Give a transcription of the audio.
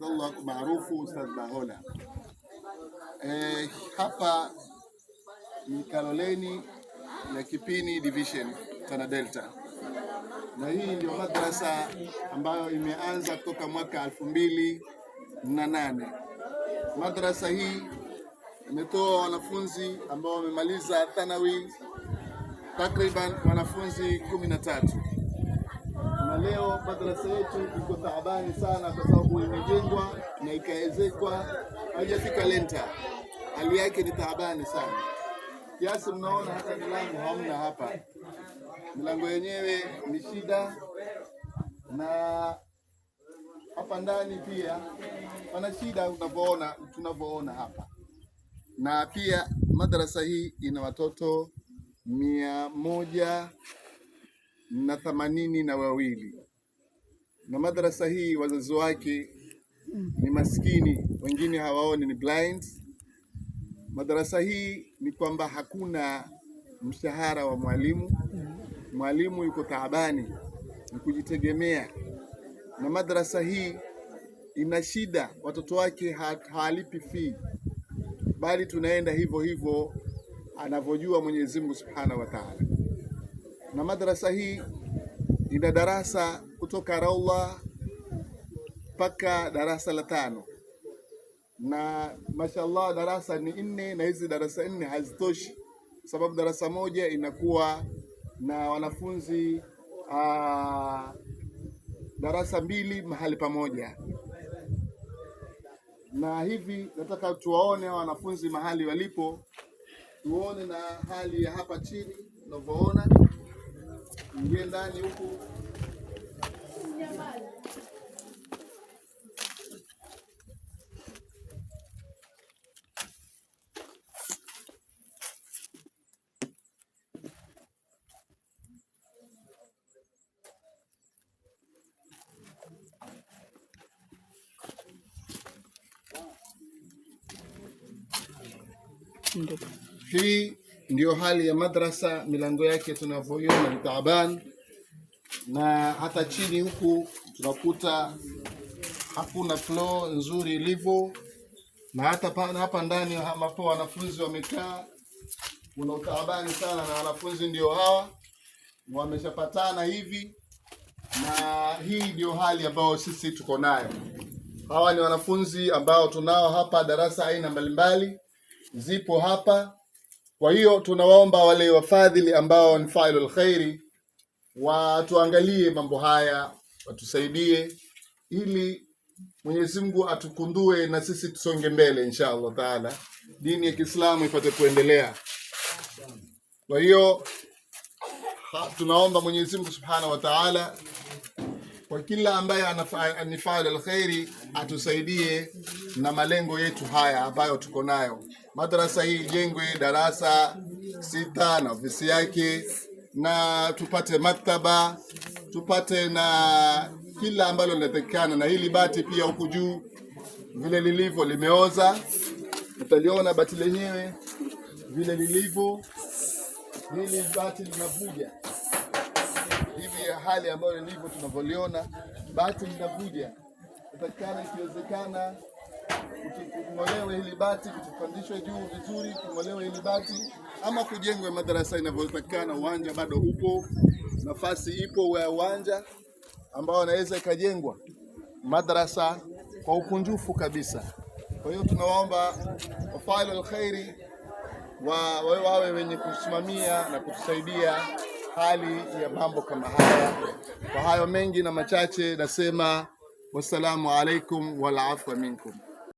Abdullah maarufu Ustadh Bahola. E, hapa ni Kaloleni na Kipini division Tana Delta, na hii ndio madrasa ambayo imeanza kutoka mwaka elfu mbili na nane. Madrasa hii imetoa wanafunzi ambao wamemaliza thanawi takriban wanafunzi kumi na tatu na leo madrasa yetu iko taabani sana, kwa sababu imejengwa na ikaezekwa haijafika lenta, hali yake ni taabani sana kiasi, mnaona hata milango hamna hapa, milango yenyewe ni shida, na hapa ndani pia pana shida, unavyoona tunavyoona hapa, na pia madrasa hii ina watoto mia moja na thamanini na wawili na madrasa hii wazazi wake ni maskini, wengine hawaoni, ni blind. Madarasa hii ni kwamba hakuna mshahara wa mwalimu, mwalimu yuko taabani, ni kujitegemea. Na madrasa hii ina shida, watoto wake hawalipi fee, bali tunaenda hivyo hivyo anavyojua Mwenyezi Mungu Subhanahu wa Ta'ala na madrasa hii ina darasa kutoka raula mpaka darasa la tano, na mashallah darasa ni nne, na hizi darasa nne hazitoshi, sababu darasa moja inakuwa na wanafunzi aa, ah, darasa mbili mahali pamoja, na hivi nataka tuwaone wanafunzi mahali walipo, tuone na hali ya hapa chini unavyoona. ìwé ńlá ni Three. Ndiyo hali ya madrasa, milango yake tunavyoiona ni taban na hata chini huku tunakuta hakuna floor nzuri ilivyo, na hata hapa ndani hapo wanafunzi wamekaa, kuna utaabani sana, na wanafunzi ndio hawa wameshapatana hivi, na hii ndio hali ambayo sisi tuko nayo. Hawa ni wanafunzi ambao tunao hapa, darasa aina mbalimbali zipo hapa kwa hiyo tunawaomba wale wafadhili ambao ni failul khairi watuangalie mambo haya, watusaidie ili Mwenyezi Mungu atukundue na sisi tusonge mbele insha Allah taala, dini ya Kiislamu ipate kuendelea. Kwa hiyo tunaomba Mwenyezi Mungu subhanahu wa taala kwa kila ambaye anifaa alkhairi atusaidie na malengo yetu haya ambayo tuko nayo madarasa hii ijengwe darasa sita na ofisi yake, na tupate maktaba, tupate na kila ambalo linatakikana, na hili bati pia huku juu vile lilivyo limeoza, utaliona bati lenyewe vile lilivyo. Hili bati linavuja hivi, ya hali ambayo lilivyo tunavyoliona, bati linavuja, takikana ikiwezekana kung'olewe hili bati, kupandishwe juu vizuri, kumolewe hili bati ama kujengwe madarasa inavyotakikana. Uwanja bado upo, nafasi ipo ya uwanja ambao anaweza ikajengwa madarasa kwa ukunjufu kabisa. Kwa hiyo tunawaomba wafali alkhairi wa wawe wenye kusimamia na kutusaidia hali ya mambo kama haya. Kwa hayo mengi na machache, nasema wassalamu alaikum wal afwa minkum.